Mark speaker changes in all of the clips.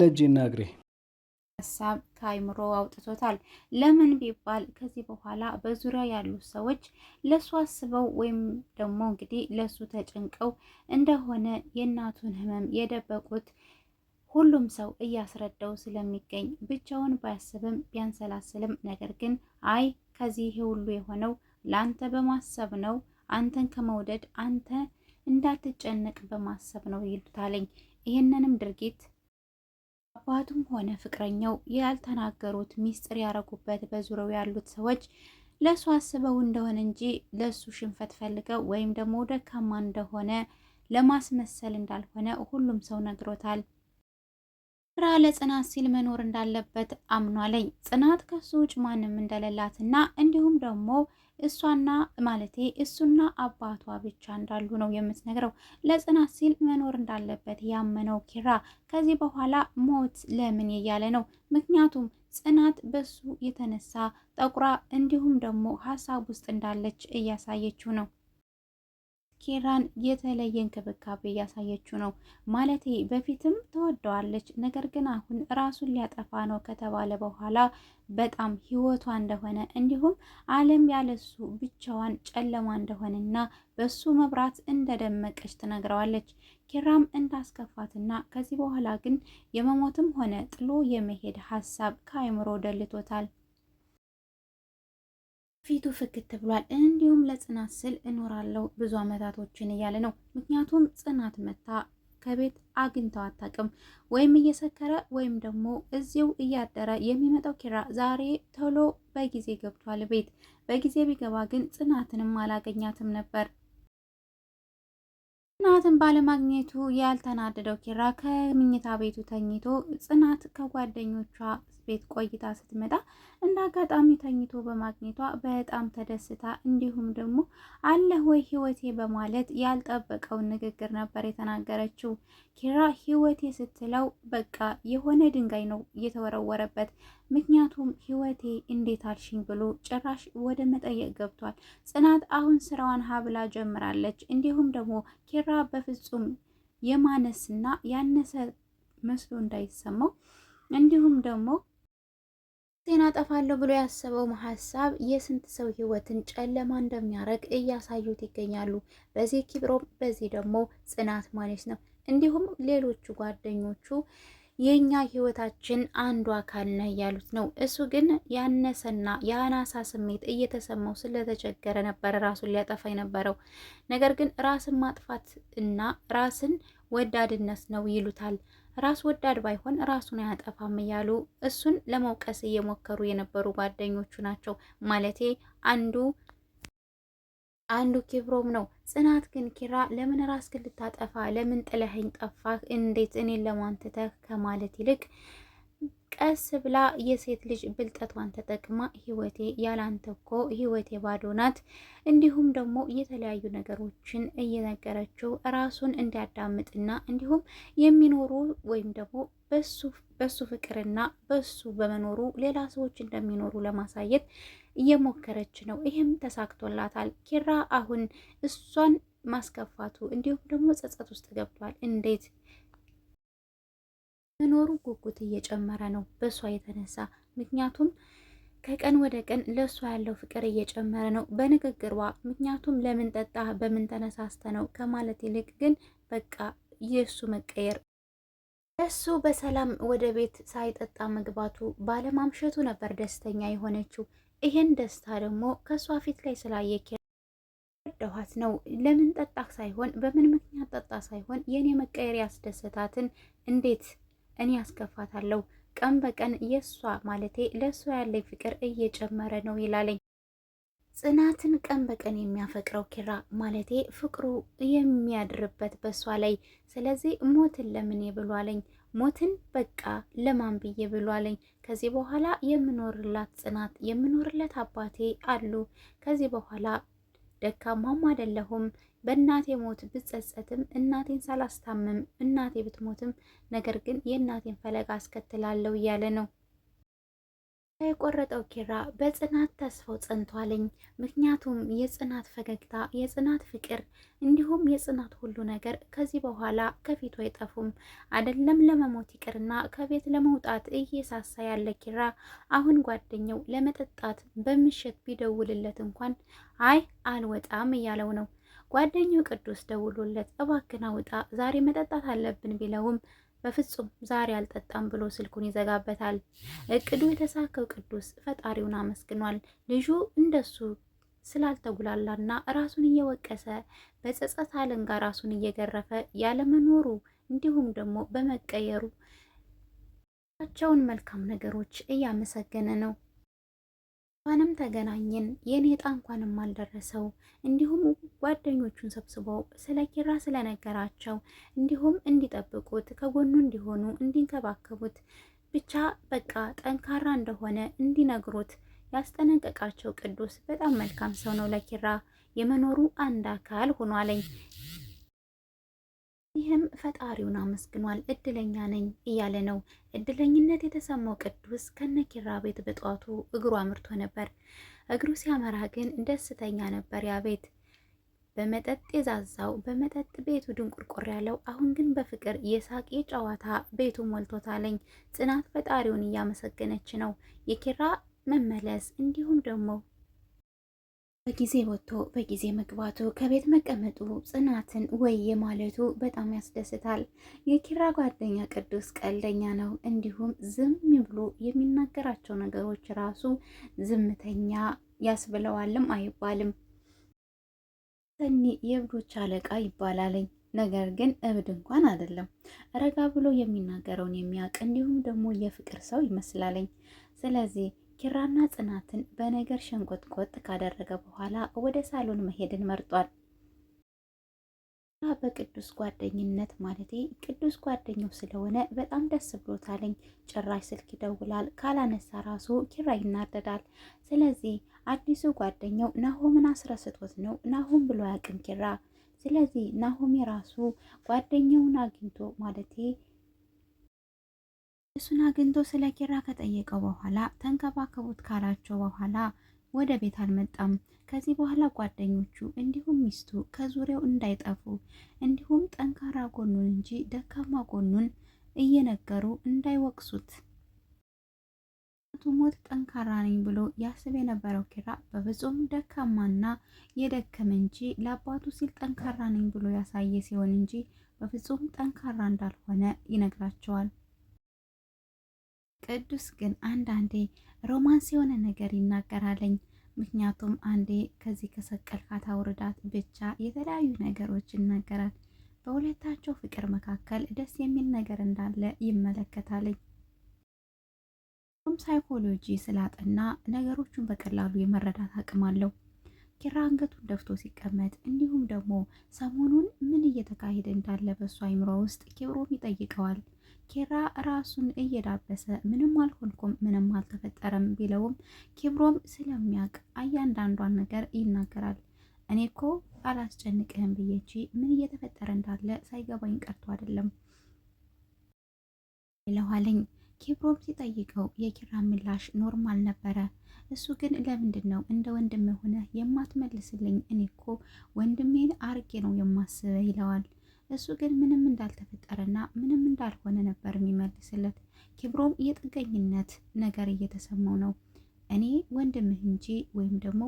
Speaker 1: ለእጅና እግሬ
Speaker 2: ሀሳብ ከአይምሮ አውጥቶታል። ለምን ቢባል ከዚህ በኋላ በዙሪያ ያሉ ሰዎች ለሱ አስበው ወይም ደግሞ እንግዲህ ለሱ ተጨንቀው እንደሆነ የእናቱን ህመም የደበቁት ሁሉም ሰው እያስረዳው ስለሚገኝ ብቻውን ባያስብም ቢያንሰላስልም፣ ነገር ግን አይ ከዚህ ይሄ ሁሉ የሆነው ለአንተ በማሰብ ነው፣ አንተን ከመውደድ አንተ እንዳትጨነቅ በማሰብ ነው ይሉታለኝ። ይህንንም ድርጊት አባቱም ሆነ ፍቅረኛው ያልተናገሩት ሚስጥር ያረጉበት በዙሪያው ያሉት ሰዎች ለእሱ አስበው እንደሆነ እንጂ ለእሱ ሽንፈት ፈልገው ወይም ደግሞ ደካማ እንደሆነ ለማስመሰል እንዳልሆነ ሁሉም ሰው ነግሮታል። ስራ ለጽናት ሲል መኖር እንዳለበት አምኗለኝ። ጽናት ከሱ ውጭ ማንም እንደሌላትና እንዲሁም ደግሞ እሷና ማለቴ እሱና አባቷ ብቻ እንዳሉ ነው የምትነግረው። ለጽናት ሲል መኖር እንዳለበት ያመነው ኪራ ከዚህ በኋላ ሞት ለምን እያለ ነው። ምክንያቱም ጽናት በሱ የተነሳ ጠቁራ እንዲሁም ደግሞ ሀሳብ ውስጥ እንዳለች እያሳየችው ነው። ኪራን የተለየ እንክብካቤ እያሳየችው ነው። ማለቴ በፊትም ተወደዋለች፣ ነገር ግን አሁን ራሱን ሊያጠፋ ነው ከተባለ በኋላ በጣም ህይወቷ እንደሆነ እንዲሁም ዓለም ያለሱ ብቻዋን ጨለማ እንደሆነና በሱ መብራት እንደደመቀች ትነግረዋለች። ኪራም እንዳስከፋትና ከዚህ በኋላ ግን የመሞትም ሆነ ጥሎ የመሄድ ሀሳብ ከአይምሮ ደልቶታል። ፊቱ ፍክት ብሏል። እንዲሁም ለጽናት ስል እኖራለሁ ብዙ አመታቶችን እያለ ነው። ምክንያቱም ጽናት መታ ከቤት አግኝተው አታውቅም። ወይም እየሰከረ ወይም ደግሞ እዚው እያደረ የሚመጣው ኪራ ዛሬ ቶሎ በጊዜ ገብቷል ቤት። በጊዜ ቢገባ ግን ጽናትንም አላገኛትም ነበር። ጽናትን ባለማግኘቱ ያልተናደደው ኪራ ከምኝታ ቤቱ ተኝቶ ጽናት ከጓደኞቿ ቤት ቆይታ ስትመጣ እንደ አጋጣሚ ተኝቶ በማግኘቷ በጣም ተደስታ እንዲሁም ደግሞ አለህ ወይ ህይወቴ በማለት ያልጠበቀውን ንግግር ነበር የተናገረችው። ኪራ ህይወቴ ስትለው በቃ የሆነ ድንጋይ ነው እየተወረወረበት ምክንያቱም ህይወቴ እንዴት አልሽኝ ብሎ ጭራሽ ወደ መጠየቅ ገብቷል። ጽናት አሁን ስራዋን ሀብላ ጀምራለች። እንዲሁም ደግሞ ኪራ በፍጹም የማነስና ያነሰ መስሎ እንዳይሰማው እንዲሁም ደግሞ ጤና ጠፋለሁ ብሎ ያሰበው ሀሳብ የስንት ሰው ህይወትን ጨለማ እንደሚያደርግ እያሳዩት ይገኛሉ። በዚህ ኪብሮም፣ በዚህ ደግሞ ጽናት ማለት ነው። እንዲሁም ሌሎቹ ጓደኞቹ የእኛ ህይወታችን አንዱ አካል ነህ ያሉት ነው። እሱ ግን ያነሰና የአናሳ ስሜት እየተሰማው ስለተቸገረ ነበረ ራሱን ሊያጠፋ የነበረው። ነገር ግን ራስን ማጥፋት እና ራስን ወዳድነት ነው ይሉታል። ራስ ወዳድ ባይሆን ራሱን አያጠፋም እያሉ እሱን ለመውቀስ እየሞከሩ የነበሩ ጓደኞቹ ናቸው ማለቴ አንዱ አንዱ ኪብሮም ነው። ጽናት ግን ኪራ ለምን ራስህን ልታጠፋ ለምን ጥለኸኝ ጠፋህ? እንዴት እኔን ለማንትተህ ከማለት ይልቅ ቀስ ብላ የሴት ልጅ ብልጠቷን ተጠቅማ ህይወቴ ያላንተ እኮ ህይወቴ ባዶ ናት፣ እንዲሁም ደግሞ የተለያዩ ነገሮችን እየነገረችው ራሱን እንዲያዳምጥና እንዲሁም የሚኖሩ ወይም ደግሞ በሱ በሱ ፍቅርና በሱ በመኖሩ ሌላ ሰዎች እንደሚኖሩ ለማሳየት እየሞከረች ነው። ይህም ተሳክቶላታል። ኪራ አሁን እሷን ማስከፋቱ እንዲሁም ደግሞ ጸጸት ውስጥ ገብቷል። እንዴት መኖሩ ጉጉት እየጨመረ ነው በእሷ የተነሳ ምክንያቱም ከቀን ወደ ቀን ለእሷ ያለው ፍቅር እየጨመረ ነው በንግግሯ። ምክንያቱም ለምን ጠጣ፣ በምን ተነሳስተ ነው ከማለት ይልቅ ግን በቃ የእሱ መቀየር እሱ በሰላም ወደ ቤት ሳይጠጣ መግባቱ ባለማምሸቱ ነበር ደስተኛ የሆነችው። ይህን ደስታ ደግሞ ከእሷ ፊት ላይ ስላየ ደኋት ነው። ለምን ጠጣ ሳይሆን በምን ምክንያት ጠጣ ሳይሆን የእኔ መቀየር ያስደሰታትን እንዴት እኔ ያስከፋታለሁ? ቀን በቀን የእሷ ማለቴ ለእሷ ያለኝ ፍቅር እየጨመረ ነው ይላለኝ። ጽናትን ቀን በቀን የሚያፈቅረው ኪራ ማለቴ ፍቅሩ የሚያድርበት በሷ ላይ። ስለዚህ ሞትን ለምን ብሏለኝ፣ ሞትን በቃ ለማን ብዬ ብሏለኝ። ከዚህ በኋላ የምኖርላት ጽናት የምኖርለት አባቴ አሉ። ከዚህ በኋላ ደካማም አይደለሁም። በእናቴ ሞት ብጸጸትም እናቴን ሳላስታምም እናቴ ብትሞትም ነገር ግን የእናቴን ፈለግ አስከትላለሁ እያለ ነው የቆረጠው ኪራ በጽናት ተስፋው ጸንቷለኝ። ምክንያቱም የጽናት ፈገግታ፣ የጽናት ፍቅር እንዲሁም የጽናት ሁሉ ነገር ከዚህ በኋላ ከፊቱ አይጠፉም። አይደለም ለመሞት ይቅርና ከቤት ለመውጣት እየሳሳ ያለ ኪራ አሁን ጓደኛው ለመጠጣት በምሽት ቢደውልለት እንኳን አይ አልወጣም እያለው ነው። ጓደኛው ቅዱስ ደውሎለት እባክና ውጣ ዛሬ መጠጣት አለብን ቢለውም በፍጹም ዛሬ አልጠጣም ብሎ ስልኩን ይዘጋበታል። እቅዱ የተሳካው ቅዱስ ፈጣሪውን አመስግኗል። ልጁ እንደሱ ስላልተጉላላና ራሱን እየወቀሰ በጸጸት አለንጋ ራሱን እየገረፈ ያለመኖሩ እንዲሁም ደግሞ በመቀየሩ ቸውን መልካም ነገሮች እያመሰገነ ነው። እንኳንም ተገናኘን የኔ ጣን እንኳንም አልደረሰው። እንዲሁም ጓደኞቹን ሰብስበው ስለ ኪራ ስለነገራቸው እንዲሁም እንዲጠብቁት ከጎኑ እንዲሆኑ እንዲንከባከቡት ብቻ በቃ ጠንካራ እንደሆነ እንዲነግሩት ያስጠነቀቃቸው ቅዱስ በጣም መልካም ሰው ነው። ለኪራ የመኖሩ አንድ አካል ሆኖ አለኝ ይህም ፈጣሪውን አመስግኗል። እድለኛ ነኝ እያለ ነው። እድለኝነት የተሰማው ቅዱስ ከነኪራ ቤት በጠዋቱ እግሩ አምርቶ ነበር። እግሩ ሲያመራ ግን ደስተኛ ነበር። ያ ቤት በመጠጥ የዛዛው በመጠጥ ቤቱ ድንቁርቁር ያለው፣ አሁን ግን በፍቅር የሳቅ የጨዋታ ቤቱ ሞልቶታለኝ። ጽናት ፈጣሪውን እያመሰገነች ነው። የኪራ መመለስ እንዲሁም ደግሞ በጊዜ ወጥቶ በጊዜ መግባቱ ከቤት መቀመጡ ጽናትን ወይ ማለቱ በጣም ያስደስታል። የኪራ ጓደኛ ቅዱስ ቀልደኛ ነው። እንዲሁም ዝም ብሎ የሚናገራቸው ነገሮች ራሱ ዝምተኛ ያስብለዋልም አይባልም። ሰኒ የእብዶች አለቃ ይባላለኝ። ነገር ግን እብድ እንኳን አይደለም። ረጋ ብሎ የሚናገረውን የሚያውቅ እንዲሁም ደግሞ የፍቅር ሰው ይመስላለኝ። ስለዚህ ኪራና ጽናትን በነገር ሸንቆጥቆጥ ካደረገ በኋላ ወደ ሳሎን መሄድን መርጧል። በቅዱስ ጓደኝነት ማለቴ ቅዱስ ጓደኛው ስለሆነ በጣም ደስ ብሎታለኝ። ጭራሽ ስልክ ይደውላል፣ ካላነሳ ራሱ ኪራ ይናደዳል። ስለዚህ አዲሱ ጓደኛው ናሆምን አስረስቶት ነው። ናሆም ብሎ ያቅም ኪራ። ስለዚህ ናሆም የራሱ ጓደኛውን አግኝቶ ማለቴ እሱን አግኝቶ ስለ ኪራ ከጠየቀው በኋላ ተንከባከቡት ካላቸው በኋላ ወደ ቤት አልመጣም። ከዚህ በኋላ ጓደኞቹ እንዲሁም ሚስቱ ከዙሪያው እንዳይጠፉ እንዲሁም ጠንካራ ጎኑን እንጂ ደካማ ጎኑን እየነገሩ እንዳይወቅሱት ሞት ጠንካራ ነኝ ብሎ ያስብ የነበረው ኪራ በፍጹም ደካማና የደከመ እንጂ ለአባቱ ሲል ጠንካራ ነኝ ብሎ ያሳየ ሲሆን እንጂ በፍጹም ጠንካራ እንዳልሆነ ይነግራቸዋል። ቅዱስ ግን አንዳንዴ ሮማንስ የሆነ ነገር ይናገራለኝ። ምክንያቱም አንዴ ከዚህ ከሰቀልካት አውርዳት ብቻ የተለያዩ ነገሮች ይናገራል። በሁለታቸው ፍቅር መካከል ደስ የሚል ነገር እንዳለ ይመለከታለኝ። ሁም ሳይኮሎጂ ስላጠና ነገሮቹን በቀላሉ የመረዳት አቅም አለው። ኪራ አንገቱን ደፍቶ ሲቀመጥ እንዲሁም ደግሞ ሰሞኑን ምን እየተካሄደ እንዳለ በሱ አይምሮ ውስጥ ኪብሮም ይጠይቀዋል። ኪራ ራሱን እየዳበሰ ምንም አልሆንኩም፣ ምንም አልተፈጠረም ቢለውም ኪብሮም ስለሚያውቅ እያንዳንዷን ነገር ይናገራል። እኔ እኮ አላስጨንቅህም ብዬ እንጂ ምን እየተፈጠረ እንዳለ ሳይገባኝ ቀርቶ አይደለም ይለዋለኝ። ኪብሮም ሲጠይቀው የኪራ ምላሽ ኖርማል ነበረ። እሱ ግን ለምንድን ነው እንደ ወንድም ሆነ የማትመልስልኝ? እኔ እኮ ወንድሜን አርጌ ነው የማስበ ይለዋል። እሱ ግን ምንም እንዳልተፈጠረና ምንም እንዳልሆነ ነበር የሚመልስለት። ኪብሮም የጥገኝነት ነገር እየተሰማው ነው። እኔ ወንድምህ እንጂ ወይም ደግሞ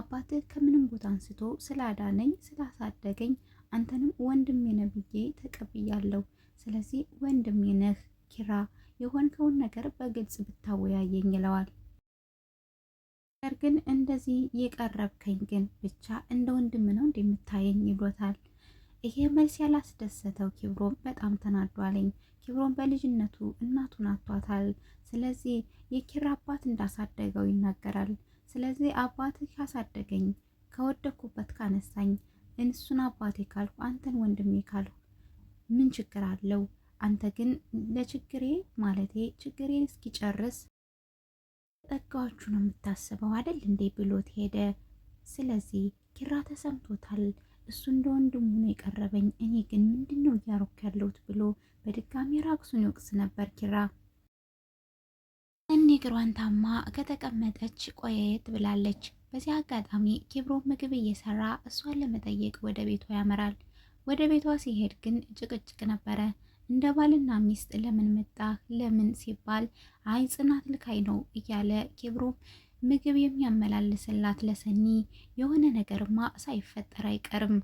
Speaker 2: አባትህ ከምንም ቦታ አንስቶ ስላዳነኝ ስላሳደገኝ አንተንም ወንድሜ ነህ ብዬ ተቀብያለሁ። ስለዚህ ወንድሜ ነህ ኪራ፣ የሆንከውን ነገር በግልጽ ብታወያየኝ ይለዋል። ነገር ግን እንደዚህ የቀረብከኝ ግን ብቻ እንደ ወንድም ነው እንደምታየኝ ይሎታል። ይሄ መልስ ያላስደሰተው ኪብሮም በጣም ተናዷለኝ። ኪብሮም በልጅነቱ እናቱን አቷታል። ስለዚህ የኪራ አባት እንዳሳደገው ይናገራል። ስለዚህ አባትህ ካሳደገኝ ከወደኩበት ካነሳኝ እንሱን አባቴ ካልኩ አንተን ወንድሜ ካልኩ ምን ችግር አለው? አንተ ግን ለችግሬ ማለቴ ችግሬን እስኪጨርስ ጠጋዎቹ ነው የምታስበው አደል እንዴ ብሎት ሄደ። ስለዚህ ኪራ ተሰምቶታል። እሱ እንደ ወንድሙ ነው የቀረበኝ፣ እኔ ግን ምንድን ነው እያሮክ ያለሁት ብሎ በድጋሚ ራቁሱን ይወቅስ ነበር ኪራ። እኔ እግሯን ታማ ከተቀመጠች ቆየት ብላለች። በዚህ አጋጣሚ ኬብሮ ምግብ እየሰራ እሷን ለመጠየቅ ወደ ቤቷ ያመራል። ወደ ቤቷ ሲሄድ ግን ጭቅጭቅ ነበረ። እንደ ባልና ሚስት ለምን መጣ ለምን ሲባል አይ ጽናት ልካይ ነው እያለ ኬብሮ? ምግብ የሚያመላልስላት ለሰኒ የሆነ ነገርማ ሳይፈጠር አይቀርም።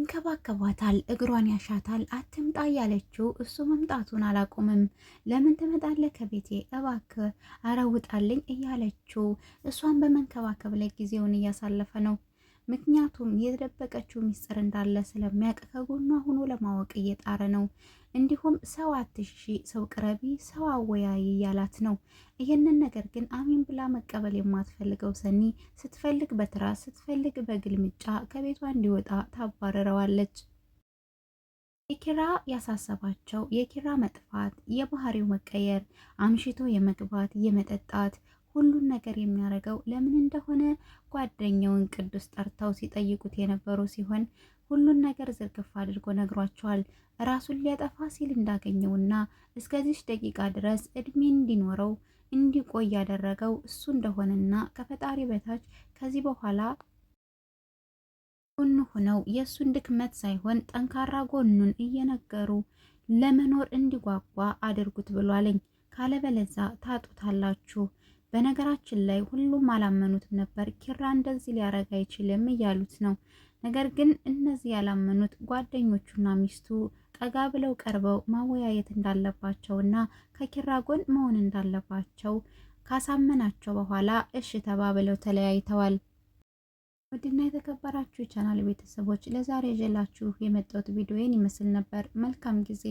Speaker 2: እንከባከባታል፣ እግሯን ያሻታል። አትምጣ ያለችው እሱ መምጣቱን አላቆምም። ለምን ትመጣለህ ከቤቴ እባክህ አረውጣልኝ እያለችው እሷን በመንከባከብ ላይ ጊዜውን እያሳለፈ ነው። ምክንያቱም የተደበቀችው ሚስጥር እንዳለ ስለሚያውቅ ከጎኗ ሆኖ ለማወቅ እየጣረ ነው። እንዲሁም ሰው አትሺ፣ ሰው ቅረቢ፣ ሰው አወያይ እያላት ነው። ይህንን ነገር ግን አሜን ብላ መቀበል የማትፈልገው ሰኒ ስትፈልግ በትራስ ስትፈልግ በግልምጫ ከቤቷ እንዲወጣ ታባረረዋለች። የኪራ ያሳሰባቸው የኪራ መጥፋት፣ የባህሪው መቀየር፣ አምሽቶ የመግባት የመጠጣት ሁሉን ነገር የሚያደርገው ለምን እንደሆነ ጓደኛውን ቅዱስ ጠርተው ሲጠይቁት የነበሩ ሲሆን ሁሉን ነገር ዝርግፍ አድርጎ ነግሯቸዋል። ራሱን ሊያጠፋ ሲል እንዳገኘውና እስከዚች ደቂቃ ድረስ እድሜ እንዲኖረው እንዲቆይ ያደረገው እሱ እንደሆነና ከፈጣሪ በታች ከዚህ በኋላ ጎኑ ሆነው የእሱን ድክመት ሳይሆን ጠንካራ ጎኑን እየነገሩ ለመኖር እንዲጓጓ አድርጉት ብሏለኝ። ካለበለዛ ታጡታላችሁ በነገራችን ላይ ሁሉም አላመኑትም ነበር። ኪራ እንደዚህ ሊያረግ አይችልም እያሉት ነው። ነገር ግን እነዚህ ያላመኑት ጓደኞቹና ሚስቱ ጠጋ ብለው ቀርበው ማወያየት እንዳለባቸው እና ከኪራ ጎን መሆን እንዳለባቸው ካሳመናቸው በኋላ እሽ ተባብለው ተለያይተዋል። ውድና የተከበራችሁ የቻናል ቤተሰቦች ለዛሬ ይዤላችሁ የመጣሁት ቪዲዮዬን ይመስል ነበር። መልካም ጊዜ